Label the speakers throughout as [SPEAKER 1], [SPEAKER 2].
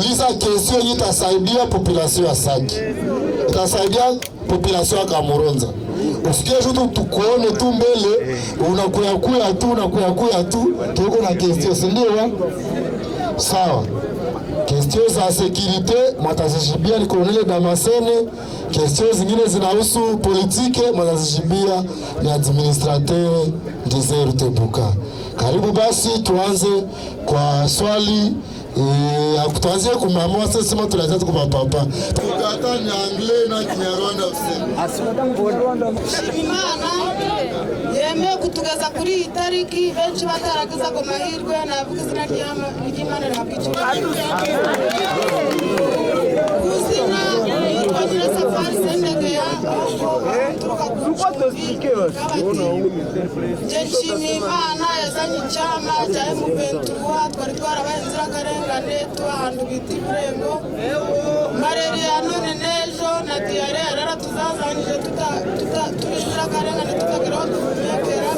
[SPEAKER 1] kuuliza kesio hii itasaidia population ya Sake, itasaidia population ya Kamuronza. Usikie tu tukuone tu mbele, unakuyakuya tu unakuyakuya tu, tuko na kesio, si ndio? Sawa. Kestio za sekirite matazijibia ni Kolonele Damasene. Kestio zingine zinahusu politike matazijibia ni administrateur Desire Tebuka. Karibu basi tuanze kwa swali tuanzie kumamua sasa, sema tunaanza kumapapa tukata ni na Kinyarwanda
[SPEAKER 2] yemeye kutugeza kuri iyi tariki benshi bataragezaga amahirwe navuga izina ry'Imana nabwo nshimiye imana yazanye icyama cya emupetuwa twari twarabaye inzirakarengane tubahanda ubita ibirego malariya none n'ejo na diyare yarara tuzazanije turi inzirakarengane tutagira aho duhumekera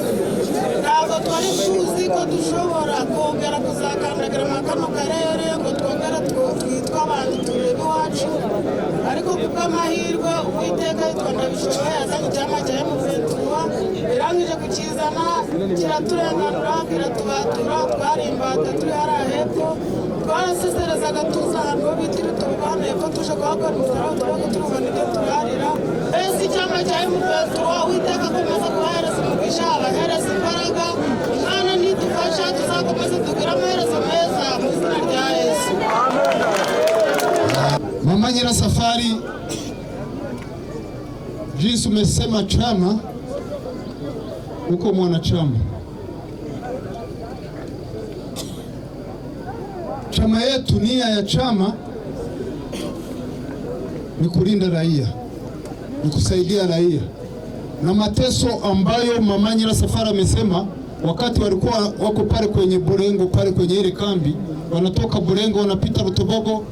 [SPEAKER 2] ntabwo twari tuzi ko dushobora kongera kuzakandagira mu kano karere ngo twongere twitwa abandi turebe iwacu ariko kubw'amahirwe uwiteka yitwa bishoboye yazanye icyama cya emuventura birangije kukizana kiraturenganura kiratubatura twarimbata turi hariya hepfo twaraseserezaga tuza ahantu ho bita ibituruka hano hepfo tuje kuhakora umusaruro tuba turubona ibyo turarira mbese icyama cya emuventura uwiteka akomeza kubahereza umugisha abahereza imbaraga umwana nidufasha tuzakomeze tugire amaherezo
[SPEAKER 1] na Safari, jinsi umesema chama uko mwanachama. Chama yetu, nia ya chama ni kulinda raia, ni kusaidia raia na mateso ambayo mama Nyira Safari amesema wakati walikuwa wako pale kwenye Burengo, pale kwenye ile kambi, wanatoka Burengo wanapita Rutobogo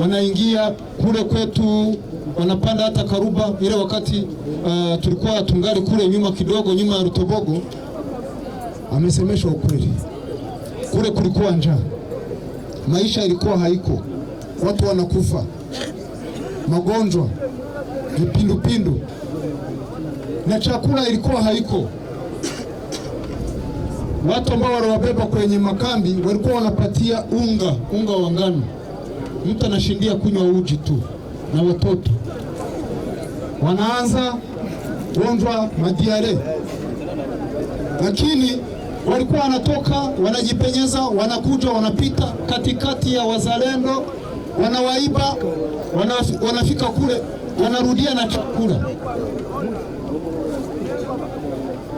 [SPEAKER 1] wanaingia kule kwetu, wanapanda hata Karuba. Ile wakati uh, tulikuwa tungali kule nyuma kidogo, nyuma ya Rutobogo. Amesemeshwa ukweli, kule kulikuwa njaa, maisha ilikuwa haiko, watu wanakufa, magonjwa, vipindupindu na chakula ilikuwa haiko. Watu ambao waliwabeba kwenye makambi walikuwa wanapatia unga, unga wa ngano mtu anashindia kunywa uji tu, na watoto wanaanza gonjwa madiare, lakini walikuwa wanatoka wanajipenyeza, wanakuja wanapita katikati ya wazalendo, wanawaiba, wanafika kule wanarudia na chakula,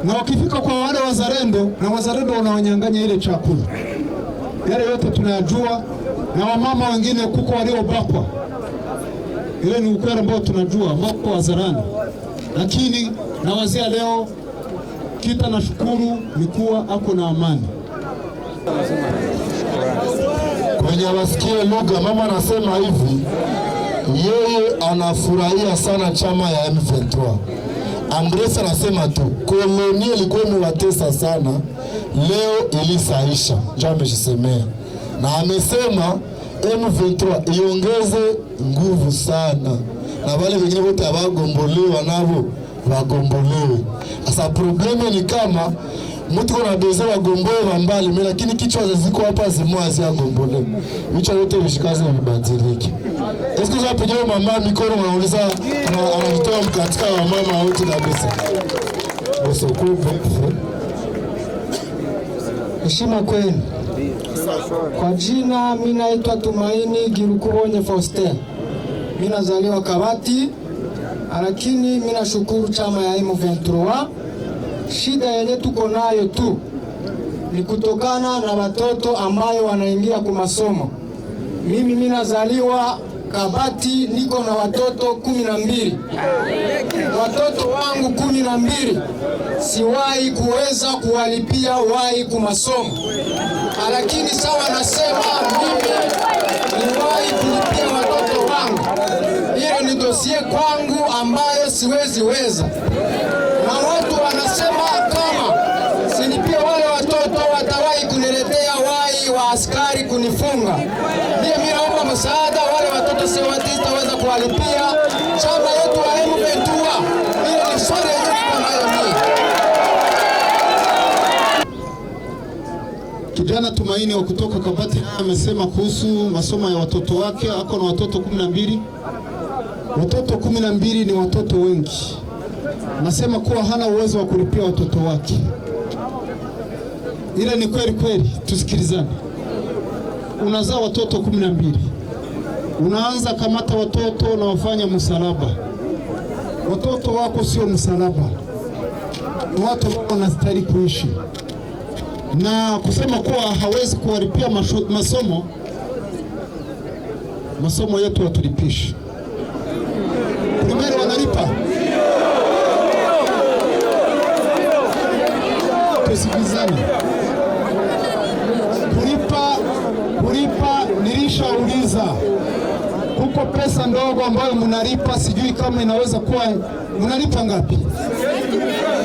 [SPEAKER 1] na wakifika kwa wale wazalendo, na wazalendo wanawanyang'anya ile chakula. Yale yote tunayajua na wamama wengine kuko waliobakwa. Ile ni ukweli ambao tunajua mako wazarani, lakini na wazia leo kita na shukuru ni kuwa ako na amani kwenye wasikie lugha. Mama anasema hivi, yeye anafurahia sana chama ya M23. Andres anasema tu koloni ilikuwa imewatesa sana, leo ilisaisha. Ndio ameshisemea na amesema M23 iongeze nguvu sana, na wale wengine wote abagombolewa nabo wagombolewe. Sasa probleme ni kama mtu kuna beza wagomboe mbali mimi, lakini kichwa ziko hapa zimwazi agombole vichwa yote vishikaze vibadilike. Eske zapigia mama mikono wanauliza anatoa katika mama wote kabisa usokuvu heshima kwenu. Kwa jina mimi naitwa Tumaini Girukubonye Faustin. Mimi nazaliwa Kabati, lakini mimi nashukuru chama ya M23. Shida yenye tuko nayo tu ni kutokana na watoto ambayo wanaingia kwa masomo. Mimi mimi nazaliwa Kabati, niko na watoto kumi na mbili. Watoto wangu kumi na mbili siwahi kuweza kuwalipia wahi kumasomo. Ah, lakini sawa, nasema mimi niwahi kulipia watoto wangu. Hiyo ni dosie kwangu ambayo siwezi weza, na watu wanasema kama silipia wale watoto watawahi kuniletea wai wa askari kunifunga. mie, mi naomba msaada, wale watoto siwatitaweza kuwalipia chama yetu Jana Tumaini wa kutoka Kabati naye amesema kuhusu masomo ya watoto wake, ako na watoto kumi na mbili. Watoto kumi na mbili ni watoto wengi, nasema kuwa hana uwezo wa kulipia watoto wake, ila ni kweli kweli, tusikilizane. Unazaa watoto kumi na mbili, unaanza kamata watoto na wafanya msalaba. Watoto wako sio msalaba, watu ambao wanastahili kuishi na kusema kuwa hawezi kuwalipia masomo. Masomo yetu watulipishi kulimeli, wanalipa tusikizane kulipa, kulipa. Nilishauliza kuko pesa ndogo ambayo mnalipa, sijui kama inaweza kuwa mnalipa ngapi?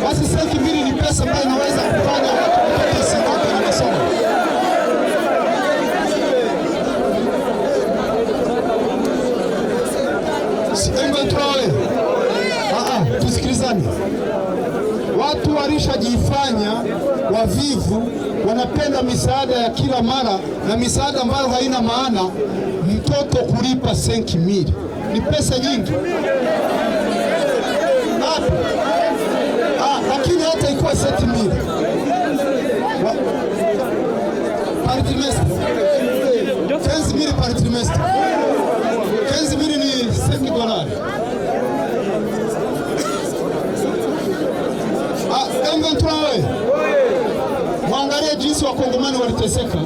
[SPEAKER 1] Basi senti mbili ni pesa ambayo inaweza kufanya Ah, ah, tusikilizane, watu walishajifanya wavivu, wanapenda misaada ya kila mara na misaada ambayo haina maana. Mtoto kulipa senki mili ni pesa nyingi ah, lakini hata ikuwa senti mili jinsi wakongomani waliteseka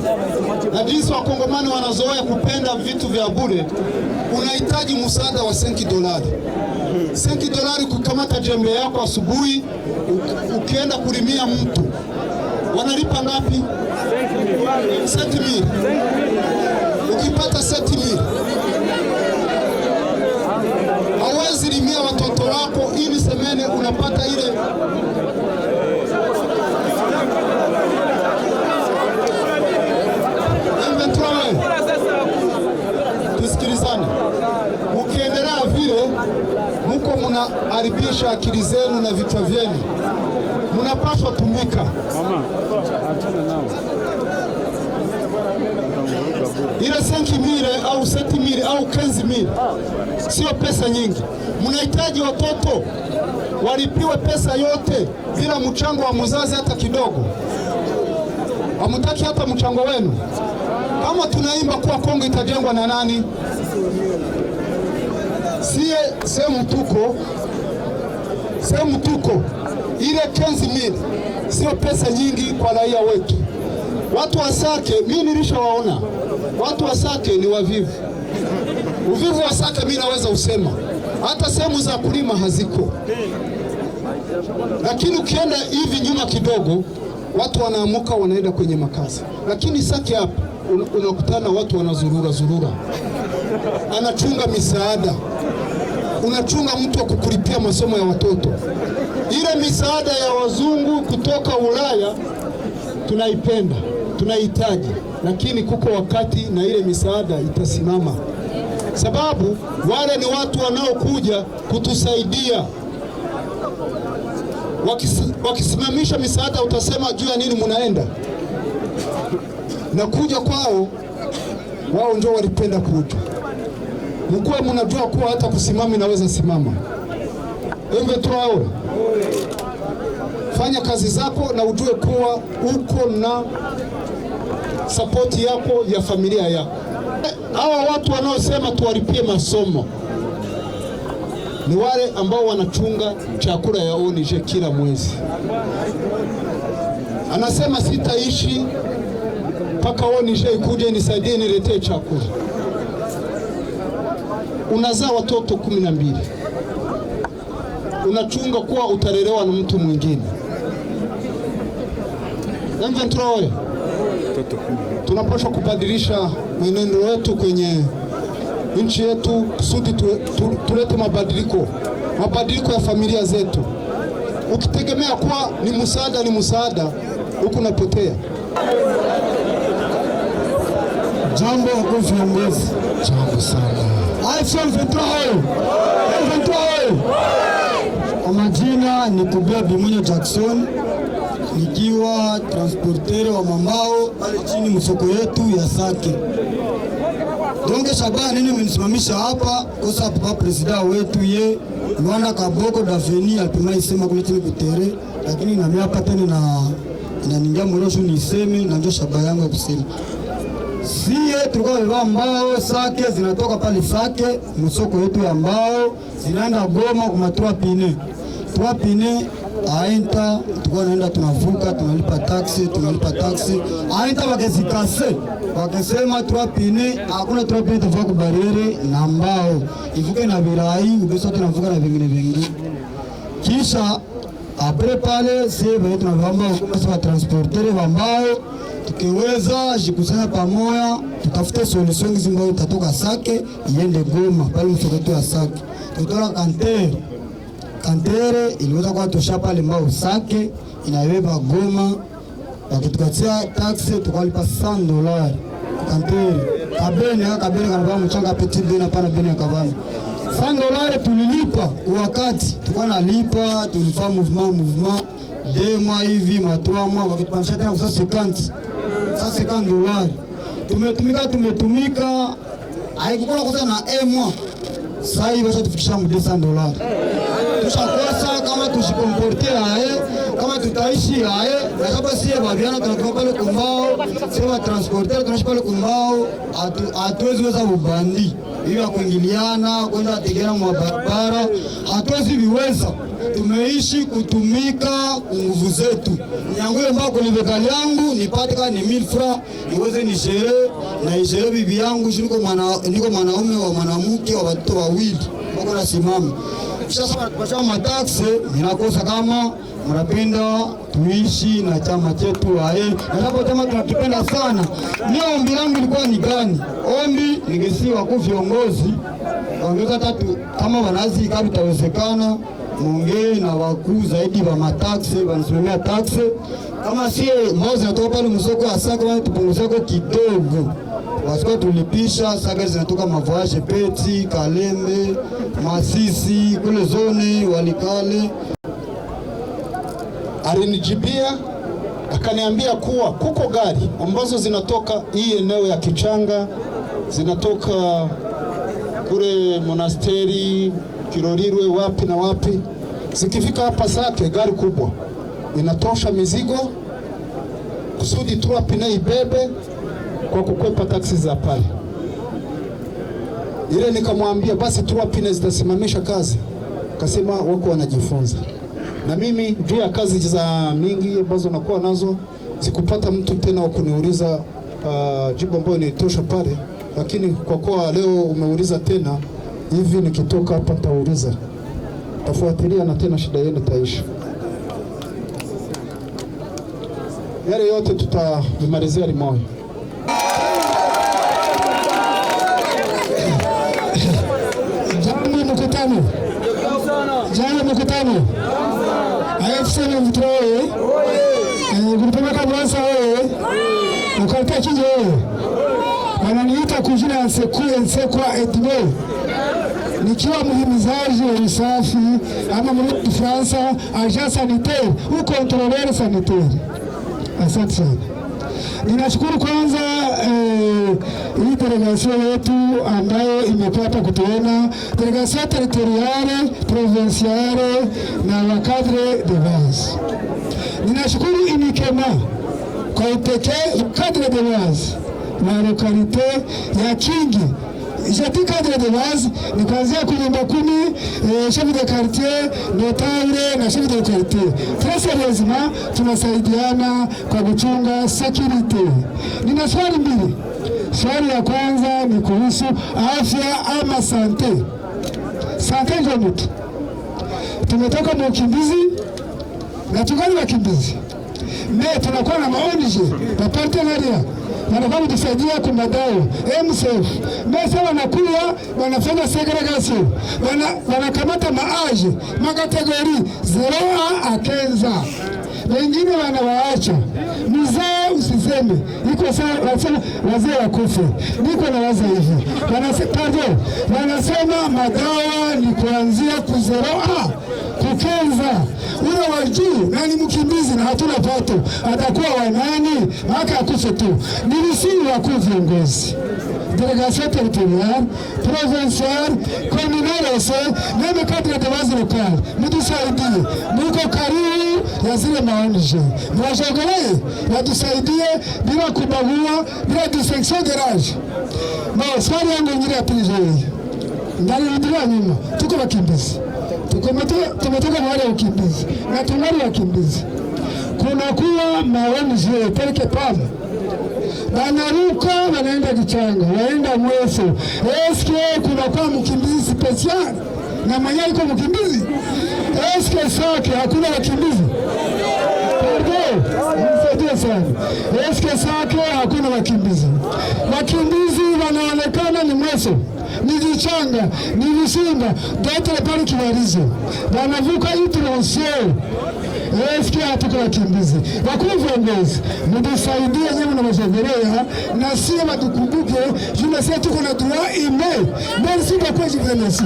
[SPEAKER 1] na jinsi wakongomani wanazoea kupenda vitu vya bure, unahitaji msaada wa senki dolari. Senki dolari kukamata jembe yako asubuhi, ukienda kulimia mtu wanalipa ngapi? senki akili zenu na vichwa vyenu, mnapaswa tumika. Ile mire au mire au mire sio pesa nyingi. Mnahitaji watoto walipiwe pesa yote bila mchango wa mzazi hata kidogo. Hamutaki hata mchango wenu. Kama tunaimba kuwa Kongo itajengwa na nani? Sie sehemu tuko sehemu tuko ile kenzi mili sio pesa nyingi kwa raia wetu. Watu wa Sake mimi nilishawaona, watu wa Sake ni wavivu. Uvivu wa Sake mimi naweza usema hata sehemu za kulima haziko, lakini ukienda hivi nyuma kidogo watu wanaamuka wanaenda kwenye makazi, lakini Sake hapa unakutana watu wanazurura zurura, anachunga misaada unachunga mtu wa kukulipia masomo ya watoto. Ile misaada ya wazungu kutoka Ulaya tunaipenda, tunahitaji, lakini kuko wakati na ile misaada itasimama, sababu wale ni watu wanaokuja kutusaidia. Wakis, wakisimamisha misaada utasema juu ya nini munaenda na kuja kwao? Wao ndio walipenda kuja mkuwe mnajua kuwa hata kusimama inaweza simama. M23 fanya kazi zako na ujue kuwa uko na sapoti yako ya familia yako. Hawa watu wanaosema tuwaripie masomo ni wale ambao wanachunga chakula ya ONG kila mwezi. Anasema sitaishi mpaka ONG ikuje nisaidie niletee chakula unazaa watoto kumi na mbili, unachunga kuwa utalelewa na mtu mwingine. Mventuroyo, tunapaswa kubadilisha mwenendo wetu kwenye nchi yetu kusudi tulete mabadiliko, mabadiliko ya familia zetu. Ukitegemea kuwa ni msaada ni msaada, huku napotea jambo huku viongozi jambo sana kwa majina ni Kubia Bimonyo Jackson, nikiwa transportere wa mambao pale chini msoko yetu ya Sake. Donge Shaban, nini mnisimamisha hapa? Kosa papa presida wetu ye Luanda Kaboko Daveni alipima isema kule chini kutere, lakini nami hapa tena na ningia mrosho niseme na ndio shaba yangu ya kusema sie tulikuwa tumevaa mbao, sake zinatoka pale Sake msoko yetu ya mbao zinaenda Goma kuma trois pine trois pine aenta, tulikuwa naenda tunavuka, tunalipa taksi, tunalipa taksi aenta, wakizikase wakisema trois pine, hakuna trois pine tafaa kubariere na mbao ivuke na virai ubesa, tunavuka na vingine vingi, kisha apre pale sie tunavaa mbao, basi watransportere wa mbao tukiweza jikusanya pamoya tutafute solution hizi ambazo tutatoka Sake iende Goma pale msokoto ya Sake. Tutola kantere kantere iliweza kwa tosha pale mbao Sake inabeba Goma, wakitukatia taksi tukalipa 100 dola kantere kabene kabene kanabaa mchanga peti bena pana bene kabana sandolare tulilipa wakati tukuwa tulifaa mouvement mouvement deux hivi matwa mois tena kusa sekanti sasa tumetumika tumetumika, haikukula kosa na emwa sasa washa tufikisha mu 200 dola tushakosa kama tushikomporte aye tutaishi aye nakaba sie bavyana tunatoka pale kumbao, sema transporter tunaishi pale kumbao, hatuwezi weza bubandi hiyo ya kuingiliana kwenda tegera mwa barabara, hatuwezi viweza. Tumeishi kutumika nguvu zetu, nyangule mbao kulivekali yangu nipate kama ni mil fra niweze nishere na ishere bibi yangu shiniko mwana, niko mwanaume wa mwanamke wa watoto wawili, bako nasimama sasa, kwa ninakosa kama wanapenda tuishi na chama chetu ae, na hapo chama tunakipenda sana. Ni ombi langu ilikuwa ni gani? Ombi ningesi wakuu viongozi waongeza tatu, kama wanazi kama itawezekana, muongee na wakuu zaidi wa mataksi, wanasimamia taksi. Kama sie mbao zinatoka pale msoko ya saka, tupunguzeko kidogo wasikuwa tulipisha saga zinatoka mavoyage peti Kalembe, Masisi kule zone Walikale alinijibia akaniambia kuwa kuko gari ambazo zinatoka hii eneo ya Kichanga, zinatoka kule monasteri Kirorirwe, wapi na wapi, zikifika hapa Sake, gari kubwa inatosha mizigo kusudi turapine ibebe kwa kukwepa taksi za pale. Ile nikamwambia basi turapine zitasimamisha kazi, kasema wako wanajifunza na mimi juu ya kazi za mingi ambazo nakuwa nazo zikupata mtu tena wa kuniuliza uh, jibu ambayo nilitosha pale, lakini kwa kuwa leo umeuliza tena hivi, nikitoka hapa nitauliza, tafuatilia na tena shida yenu taisha. Yale yote tutavimalizia limoyo. ukatakije wewe, wananiita kwa jina la Nsekue Nsekwa Edme, nikiwa mhimizaji wa usafi ama muri Fransa agent sanitaire au controleur sanitaire. Asante sana. Ninashukuru kwanza eh, hii delegasio yetu ambayo imepata kutuona delegasio territoriale provinciale na wakadre de base. Ninashukuru inikema kompete kadre de Demazi na lokalite ya Kingi jati kadre Demazi ni kuanzia kunyumba nyumba kumi, eh, chef de quartier notable na chef de quartier. Sasa lazima tunasaidiana kwa kuchunga security. Nina swali mbili. Swali ya kwanza ni kuhusu afya ama sante. Sante ndio mtu tumetoka mukimbizi na tungali wakimbizi me tunakuwa na maonje na partenaria wanakuwa kutusaidia kumbadawa MSF mesa wanakuya wanafanya segregation wanakamata maaje makategori zeroa akenza wengine wanawaacha usiseme iko sawa, wazee wakufe. Niko na waza hivi, pardon, wanasema madawa ni kuanzia kuzeroa kukenza ule wa juu, nani mkimbizi na hatuna pato, atakuwa wanani maka akufe tu. Nilisihi wakuu viongozi delegasyon territorial, provincial, communal yose neme kadri tabazi lokali mutusaidie, muko karibu ya zile maonje mwashogelee, watusaidie bila kubagua, bila distinction de de rage. Maswali yangu ingine ya pili zaidi ndalirudia nyuma, tuko wakimbizi, Tuko tumetoka mahali ya ukimbizi na tungali wakimbizi, kuwa maoni zile peleke pale wanaruka wanaenda Kichanga, waenda Mweso, eske eh, kunakuwa mkimbizi spesiali na mwenye iko mkimbizi, eske eh, Sake hakuna wakimbizi msaidie sana, eske eh, Sake hakuna wakimbizi, wakimbizi wanaonekana ni Mweso ni vichanga ni visimba datile pali kibarize banavuka ituronsiere efikia hatu kubakimbizi bakuru viongozi mudusaidie nyewe munabasogerea na sie badukumbuke juna sie tuko na dua ime merci bakwezi venesi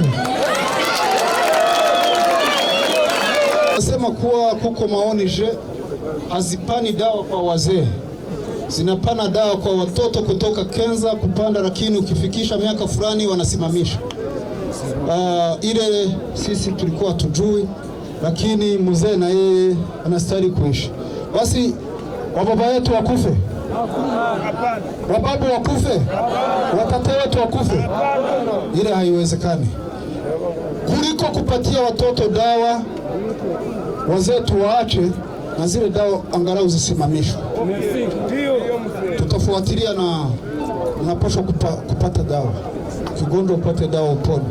[SPEAKER 1] nasema kuwa kuko maoni je hazipani dawa kwa wazee zinapana dawa kwa watoto kutoka kenza kupanda, lakini ukifikisha miaka fulani wanasimamisha. Uh, ile sisi tulikuwa tujui, lakini mzee na yeye anastahili kuishi. Basi wababa yetu wakufe, wababu wakufe, watate wetu wakufe, ile haiwezekani, kuliko kupatia watoto dawa wazetu waache na zile dawa angalau zisimamishwe tutafuatilia na unapaswa kupa, kupata dawa kigonjwa, upate dawa upone.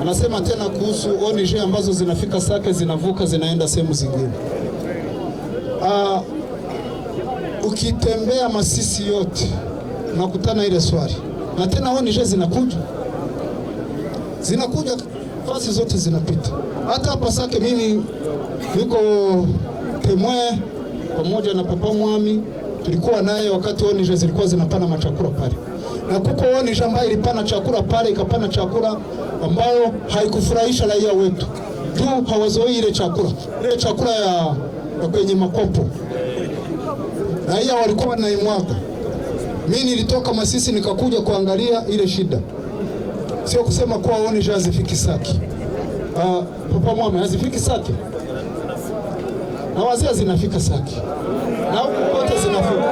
[SPEAKER 1] Anasema tena kuhusu ONG ambazo zinafika Sake zinavuka zinaenda sehemu zingine. Uh, ukitembea Masisi yote nakutana ile swali na tena ONG zinakuja zinakuja, fasi zote zinapita, hata hapa Sake mimi yuko Temwe pamoja na Papa Mwami tulikuwa naye wakati ONG zilikuwa zinapana machakura pale, na kuko ONG ambayo ilipana chakula pale ikapana chakula ambayo haikufurahisha raia wetu tu, hawazoei ile chakula ile chakula ya, ya kwenye makopo raia walikuwa wanaimwaga. Mimi nilitoka Masisi nikakuja kuangalia ile shida, sio kusema kuwa ONG hazifiki saki Uh, ah, Papa Mwami hazifiki Sake na wazia zinafika Saki na huku kote zinafika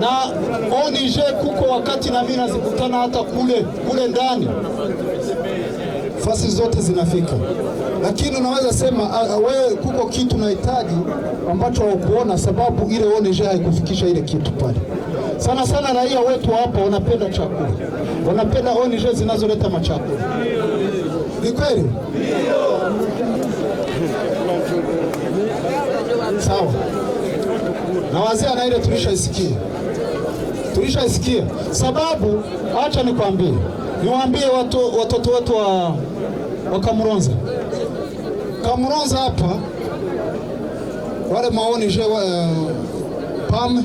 [SPEAKER 1] na onije kuko wakati nami nazikutana hata kule kule ndani fasi zote zinafika, lakini unaweza sema wewe, kuko kitu nahitaji ambacho haukuona, sababu ile ONG haikufikisha ile kitu pale. Sana sana raia wetu hapa wanapenda chakula, wanapenda ONG oh, zinazoleta machakula. Ni kweli? Ndio. sawa, na wazee na ile tulishaisikia, tulishaisikia sababu. Acha nikwambie, niwaambie watu, watoto wetu wa, wa Kamuronza, Kamuronza hapa wale maoni je, pam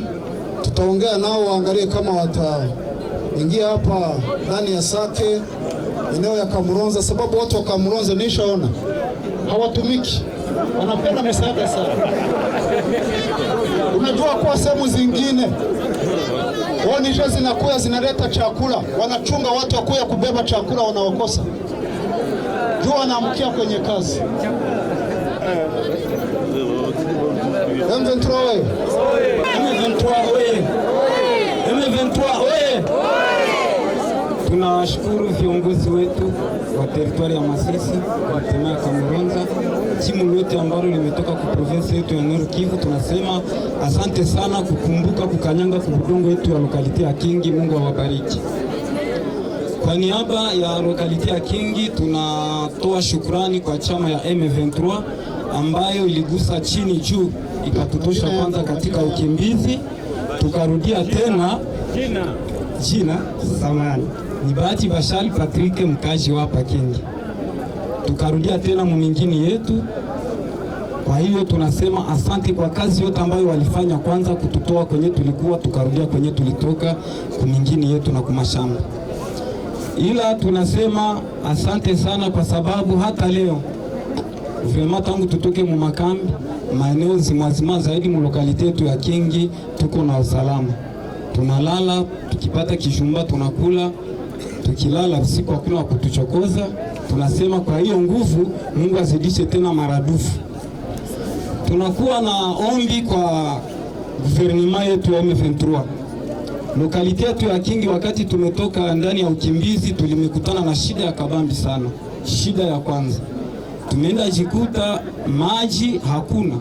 [SPEAKER 1] tutaongea nao waangalie kama wataingia hapa ndani ya Sake eneo ya Kamuronza, sababu watu wa Kamuronza nishaona hawatumiki, wanapenda misaada sana. Unajua kuwa sehemu zingine onisho zinakuya zinaleta chakula, wanachunga watu wakuya kubeba chakula, wanaokosa juu wanaamkia kwenye kazi M23 oye! M23 oye! M23 oye! tunawashukuru viongozi wetu wa teritwari ya Masisi, tema ya Kamuronza, timu lote ambalo limetoka kwa province yetu ya Nord Kivu. Tunasema asante sana kukumbuka kukanyanga kubudongo yetu ya lokalite ya Kingi. Mungu awabariki. Kwa niaba ya lokalite ya Kingi tunatoa shukrani kwa chama ya M23 ambayo iligusa chini juu ikatutosha kwanza katika ukimbizi, tukarudia tena jina samani ni Bahati Bashali Patrick, mkazi wa hapa Tukarudia tena mumingini yetu. Kwa hiyo tunasema asante kwa kazi yote ambayo walifanya, kwanza kututoa kwenye tulikuwa, tukarudia kwenye tulitoka, kumingini yetu na kumashamba. Ila tunasema asante sana kwa sababu hata leo vrema tangu tutoke mumakambi maeneo zimazima zaidi mulokalite yetu ya kingi tuko na usalama, tunalala tukipata kishumba tunakula tukilala usiku hakuna wa kutuchokoza. Tunasema kwa hiyo nguvu Mungu azidishe tena maradufu. Tunakuwa na ombi kwa guvernema yetu ya M23 lokalite yetu ya Kingi. Wakati tumetoka ndani ya ukimbizi, tulimekutana na shida ya kabambi sana. Shida ya kwanza tumeenda jikuta maji hakuna,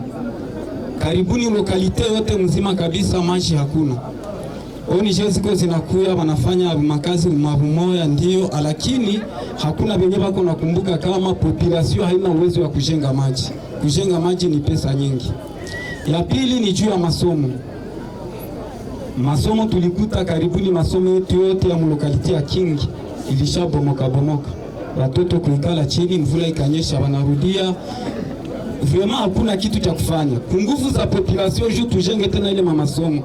[SPEAKER 1] karibuni lokalite yote mzima kabisa maji hakuna oni jeziko zinakuya wanafanya makazi mavumoya ndio, lakini hakuna venye wako nakumbuka kama population haina uwezo wa kujenga maji. Kujenga maji ni pesa nyingi. Ya pili ni juu ya masomo. Masomo tulikuta karibuni masomo yetu yote ya mulokaliti ya Kingi ilisha bomoka, bomoka, watoto kuikala chini, mvula ikanyesha, wanarudia vyema, hakuna kitu cha kufanya. Kunguvu za population juu tujenge tena ile mamasomo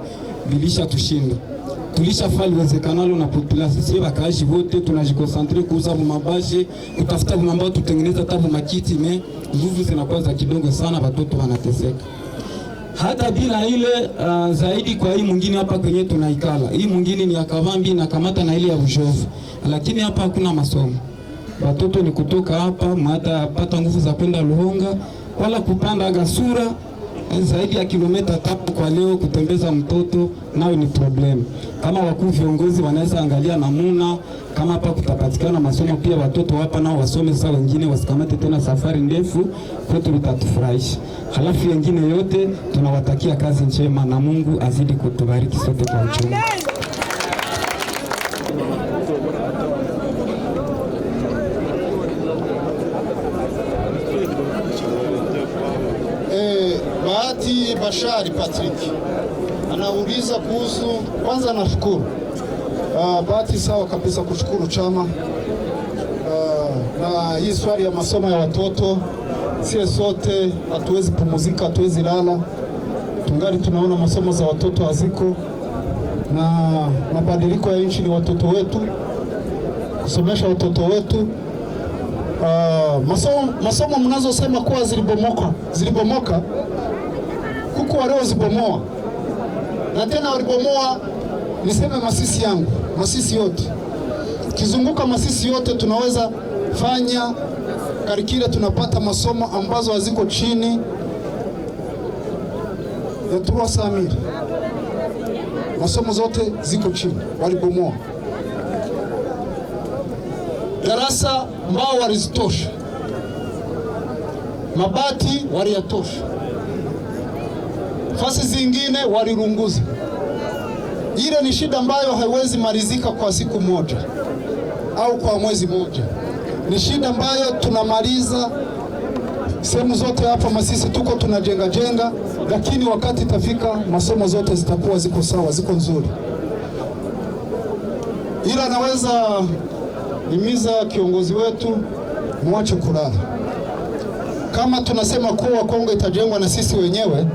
[SPEAKER 1] lilishatushinda tulishafali wezekanalo na populasi sie wakaashi wote tunajikosantre kuuza vumabashi kutafuta vumambao tutengeneza tabu makiti me nguvu zinakuwa za kidogo sana, watoto wanateseka hata bila ile uh, zaidi kwa hii mwingine hapa kwenye tunaikala hii mwingine ni ya Kavambi na kamata na ile ya Bujovu, lakini hapa hakuna masomo. Watoto ni kutoka hapa pata nguvu za kwenda Luhonga wala kupanda Gasura zaidi ya kilomita tatu kwa leo. Kutembeza mtoto nayo ni problem. Kama wakuu viongozi wanaweza angalia namuna kama hapa kutapatikana masomo pia, watoto hapa nao wasome, saa wengine wasikamate tena safari ndefu kwetu, litatufurahisha. Halafu wengine yote tunawatakia kazi njema na Mungu azidi kutubariki sote kwa uchumi. Mashari Patrick anauliza kuhusu. Kwanza nashukuru uh, bahati sawa kabisa kushukuru chama uh, na hii swali ya masomo ya watoto, sie sote hatuwezi pumuzika, hatuwezi lala, tungali tunaona masomo za watoto haziko, na mabadiliko ya nchi ni watoto wetu, kusomesha watoto wetu Uh, masomo masomo mnazosema kuwa zilibomoka zilibomoka, kuku waliozibomoa, na tena walibomoa, niseme Masisi yangu, Masisi yote, kizunguka Masisi yote, tunaweza fanya karikira, tunapata masomo ambazo haziko chini ya Trois Samir, masomo zote ziko chini, walibomoa darasa mbao walizitosha, mabati waliyatosha nafasi zingine walirunguza. Ile ni shida ambayo haiwezi malizika kwa siku moja au kwa mwezi moja, ni shida ambayo tunamaliza sehemu zote hapa Masisi tuko tunajenga jenga, lakini wakati itafika masomo zote zitakuwa ziko sawa, ziko nzuri. Ila naweza himiza kiongozi wetu, mwache kulala. Kama tunasema kuwa Kongo itajengwa na sisi wenyewe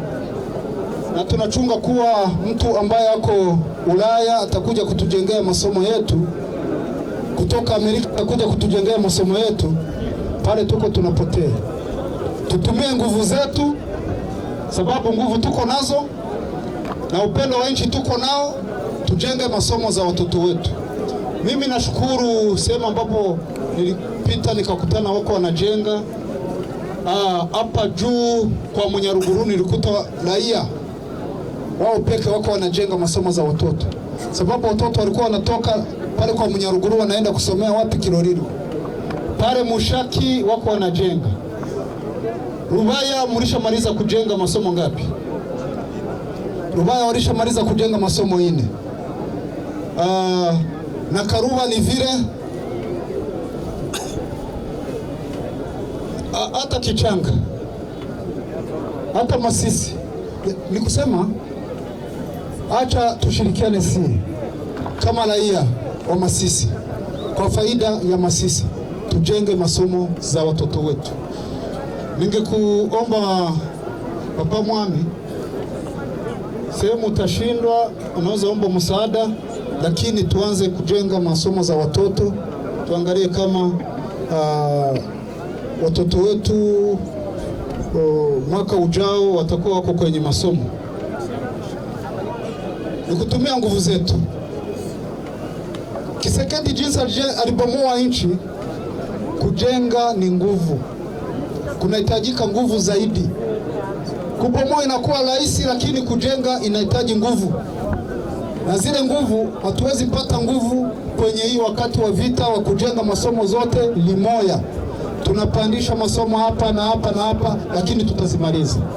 [SPEAKER 1] na tunachunga kuwa mtu ambaye ako Ulaya atakuja kutujengea masomo yetu, kutoka Amerika atakuja kutujengea masomo yetu, pale tuko tunapotea. Tutumie nguvu zetu, sababu nguvu tuko nazo na upendo wa nchi tuko nao, tujenge masomo za watoto wetu. Mimi nashukuru sehemu ambapo nilipita nikakutana wako wanajenga ah, hapa juu kwa Munyaruguru, nilikuta raia wao peke wako wanajenga masomo za watoto, sababu watoto walikuwa wanatoka pale kwa Munyaruguru wanaenda kusomea wapi? Kiroriro pale Mushaki wako wanajenga. Rubaya mulishamaliza kujenga masomo ngapi? Rubaya walishamaliza kujenga masomo ine. Uh, ah, na Karuba ni vile ah, hata Kichanga hata Masisi ni kusema Acha tushirikiane si kama raia wa Masisi kwa faida ya Masisi, tujenge masomo za watoto wetu. Ningekuomba Papa Mwami, sehemu utashindwa, unaweza omba msaada, lakini tuanze kujenga masomo za watoto, tuangalie kama uh, watoto wetu uh, mwaka ujao watakuwa wako kwenye masomo ni kutumia nguvu zetu. Kisekedi jinsi alibomoa nchi, kujenga ni nguvu, kunahitajika nguvu zaidi. Kubomoa inakuwa rahisi, lakini kujenga inahitaji nguvu, na zile nguvu hatuwezi pata nguvu kwenye hii wakati wa vita wa kujenga masomo zote limoya tunapandisha masomo hapa na hapa na hapa, lakini tutazimaliza.